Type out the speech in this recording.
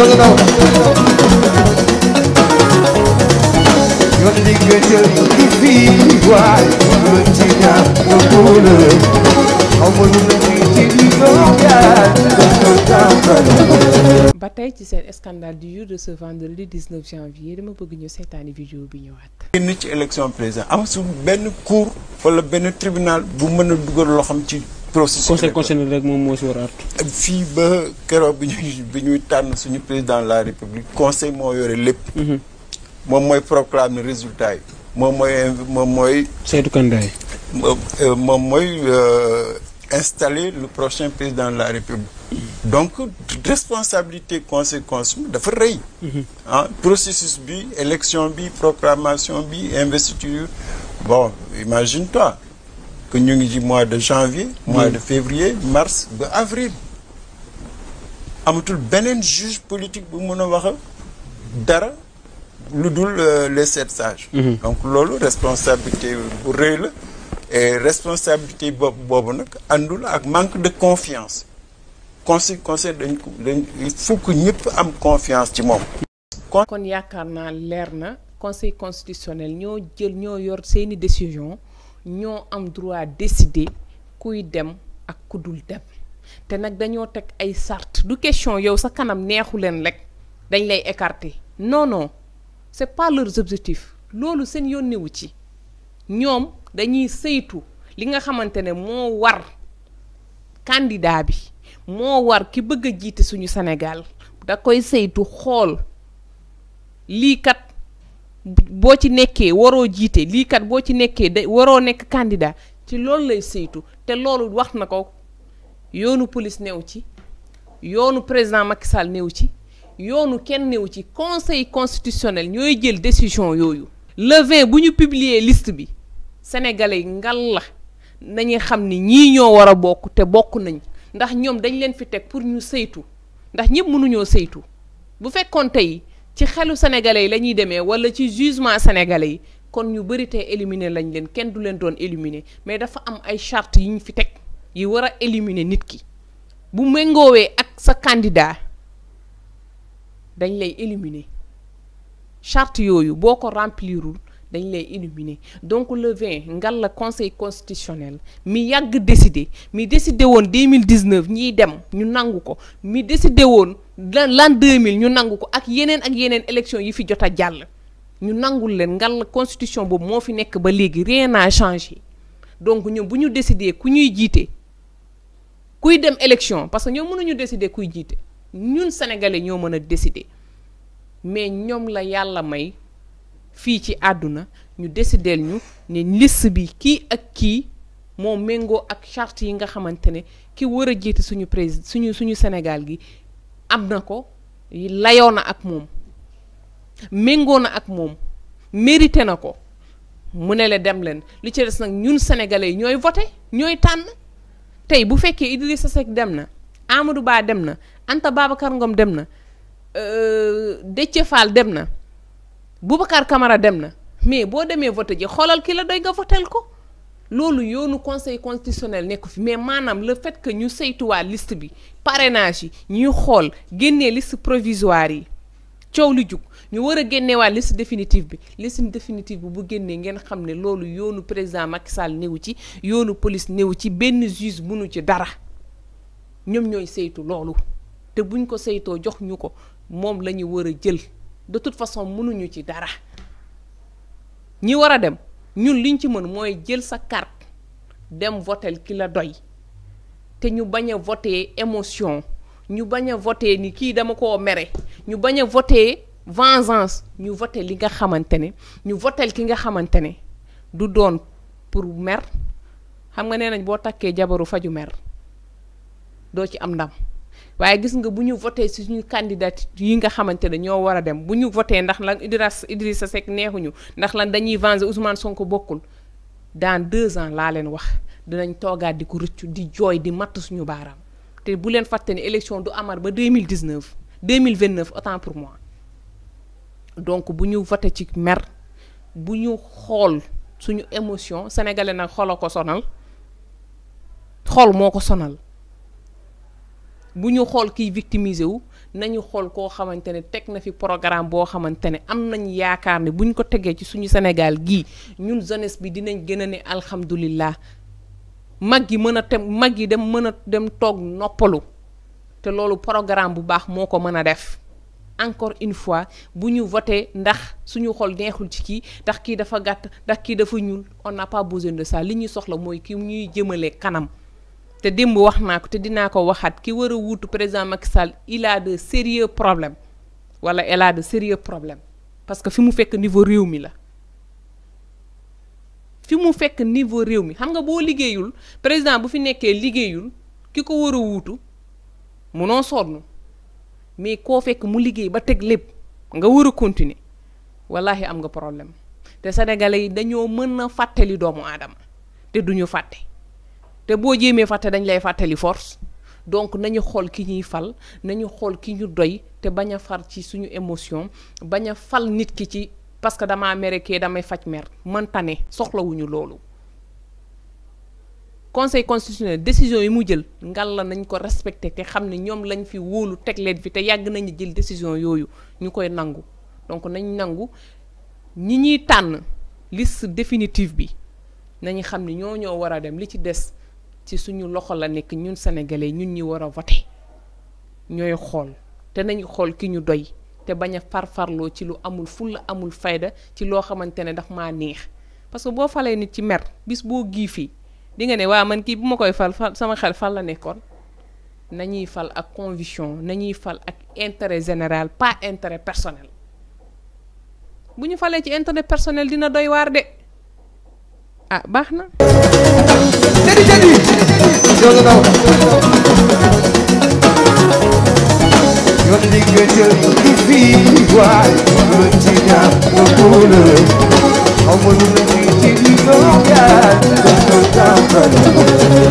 doesn't ci na ko kula amul lu ci di ba tey ci seen scandale du jour de ce vendredi janvier dama bëgg ñu seetaani vidéo bi ñëwaat. génn ci élection président am su benn cour wala benn tribunal bu mën a dugal loo xam ci. processus conseil Conseil, de la république conseil mhm. résultat mom euh, euh, installer le prochain président de la république. Mhm. donc responsabilité conseil de mhm. ah, processus bi élection bi proclamation bi investiture bon imagine-toi que ñu ngi ci mois de janvier mois de février mars ba avril amatul un juge politique qui a wax dara euh, les sept sages mhm. donc la responsabilité bu et la et responsabilité bopp boobu nag manque de confiance conseil conseil il faut que nous ayons confiance ci nous. kon yaakaar naa conseil constitutionnel nous jël ñoo yor une décision ñoo am droit décider kuy dem ak ku dul te nag dañoo teg ay sart du question yow sa kanam neexu leen rek dañ lay écarter noono non c'est pas leurs loolu seen yónnewu ci ñoom dañuy saytu li nga xamante ne moo war candidat bi moo war ki bëgg a jiite suñu Sénégal da koy saytu xool lii boo ci nekkee waroo jiite liikat boo ci nekkee da waroo nekk candidat ci loolu lay saytu te loolu wax na ko yoonu police néew ci yoonu président Macky Sall néew ci yoonu kenn néew ci conseil constitutionnel ñooy jël décision yooyu. le 20 bu ñu publier liste bi sénégalais ngal la nañu xam ni ñii ñoo war a bokk te bokk nañ ndax ñoom dañ leen fi teg pour ñu saytu ndax ñëpp mënuñoo saytu bu fekkoon tey. ci xelu sénégalais yi la ñuy demee wala ci jugement sénégalais yi kon ñu bëri tey éliminer lañ leen kenn du leen doon éliminer mais dafa am ay charte yi ñu fi teg yi war a éliminer nit ki bu méngoowee ak sa candidat dañ lay éliminer charte yooyu boo ko remplirul dañ lay illuminer donc le 20 ngal la conseil constitutionnel mi yàgg décidé mi décidé woon mille dix 2019 ñiy dem ñu nangu ko mi décidé woon l'an mille ñu nangu ko ak yeneen ak yeneen élection yi fi jot a jàll ñu nangul leen ngal la constitution boobu moo fi nekk ba léegi rien n'a changé donc ñoom bu ñu décidé ku ñuy jiite kuy dem élection parce que ñoom mënuñu décider kuy jiite ñun sénégalais ñoo mën a décidé mais ñoom la yàlla may fii ci àdduna ñu décideel ñu ne liste bi kii ak kii moo méngoo ak chart yi nga xamante ne ki war a jiite suñu président suñu suñu Sénégal gi am na ko layoo na ak moom méngoo na ak moom mérité na ko mu ne la dem leen li ci des nag ñun sénégalais ñooy voté ñooy tànn tey bu fekkee Idrissa Seck dem na Amadou baa dem na Anta Babacar Ngom dem na euh, Déthié Fall dem na Boubacar Camara dem na mais boo demee voté ji xoolal ki la doy nga votel ko loolu yoonu conseil constitutionnel nekku fi mais maanaam le fait que ñu saytuwaat list bi parrainage yi ñuy xool génnee liste provisoire yi coow li jug ñu war a génneewaat liste définitive bi liste définitive bi bu génnee ngeen xam ne loolu yoonu président Macky Sall néew ci yoonu police néew ci benn juge mënu ci dara ñoom ñooy saytu loolu te buñ ko saytoo jox ñu ko moom la ñu war a jël de toute façon mënuñu ci dara ñi war a dem ñun liñ ci mën mooy jël sa carte dem votel ki la doy te ñu bañ a voté émotion ñu bañ a voté ni kii dama koo mere ñu bañ a voté vengeance ñu vote li nga xamante ne ñu votel ki nga xamante ne du doon pour mer xam nga nee nañ boo takkee jabaru faju mer doo ci am ndam waaye gis nga bu ñu voté suñu candidat yi nga xamante ne ñoo war a dem bu ñu voté ndax lan Idriss sa Seck neexuñu ndax lan dañuy venger Ousmane ko bokkul dans deux ans laa leen wax dinañ toogaat di ko rëccu di jooy di matt suñu baaraam te bu leen fàtte ne du amar ba deux mille dix neuf deux mille vingt neuf autant pour mois donc bu ñu voté ci mer bu ñu xool suñu émotion sénégalais nag xolo ko sonal xool moo ko sonal. bu ñu xool kiy victimisé wu nañu xool koo xamante ne teg na fi programme boo xamante ne am nañ yaakaar ne buñ ko tegee ci suñu Sénégal gii ñun jeunesse bi dinañ gën a ne alhamdulilah mag yi mën a tem mag yi dem mën a dem toog noppalu te loolu programme bu baax moo ko mën a def encore une fois bu ñu voté ndax suñu xool neexul ci kii ndax kii dafa gàtt ndax kii dafa ñuul on n'a pas besoin de ça li ñuy soxla mooy ki ñuy jëmale kanam te démb wax naa ko te dinaa ko waxaat ki war a wuutu président Macky Sall il a de sérieux problème wala elle a de sérieux problèmes parce que fi mu fekk niveau réew mi la fi mu fekk niveau réew mi xam nga boo liggéeyul président bu fi nekkee liggéeyul ki ko war a wuutu munoo sonn mais koo fekk mu liggéey ba teg lépp nga war a continuer wallaahi am nga problème te sénégalais yi dañoo mën a fàttali doomu aadama te du ñu fàtte. te boo jéemee fàtte dañ lay fàttali force donc nañu xool ki ñuy fal nañu xool ki ñu doy te bañ a far ci suñu émotion bañ a fal nit ki ci parce que damaa mere kee damay faj mer ne soxlawuñu loolu conseil constitutionnel décision yi mu jël ngal la nañ ko respecté te xam ne ñoom lañ fi wóolu teg leen fi te yàgg nañu jël décision yooyu ñu koy nangu donc nañ nangu ñi ñuy tànn liste définitive bi nañu xam ne ñoo ñoo war a dem li ci des ci suñu loxo la nekk ñun sénégalais ñun ñi war a voté ñooy xool te nañu xool ki ñu doy te bañ a farfarloo ci lu amul fulla amul fayda ci loo xamante ne daf maa neex parce que boo falee nit ci mer bis boo giifii di nga ne waa man kii bu ma koy fal fal sama xel fal la nekkoon nañuy fal ak conviction nañuy fal ak intéret général pas intérêt personnel bu ñu falee ci intérêt personnel dina doy waar de ah baax na. jadi jadi. yow nga daw. yoon li nga jël di fii waay. loolu ci ñaar nga góole. xaw ma nu mu ngi ci di doon yaay.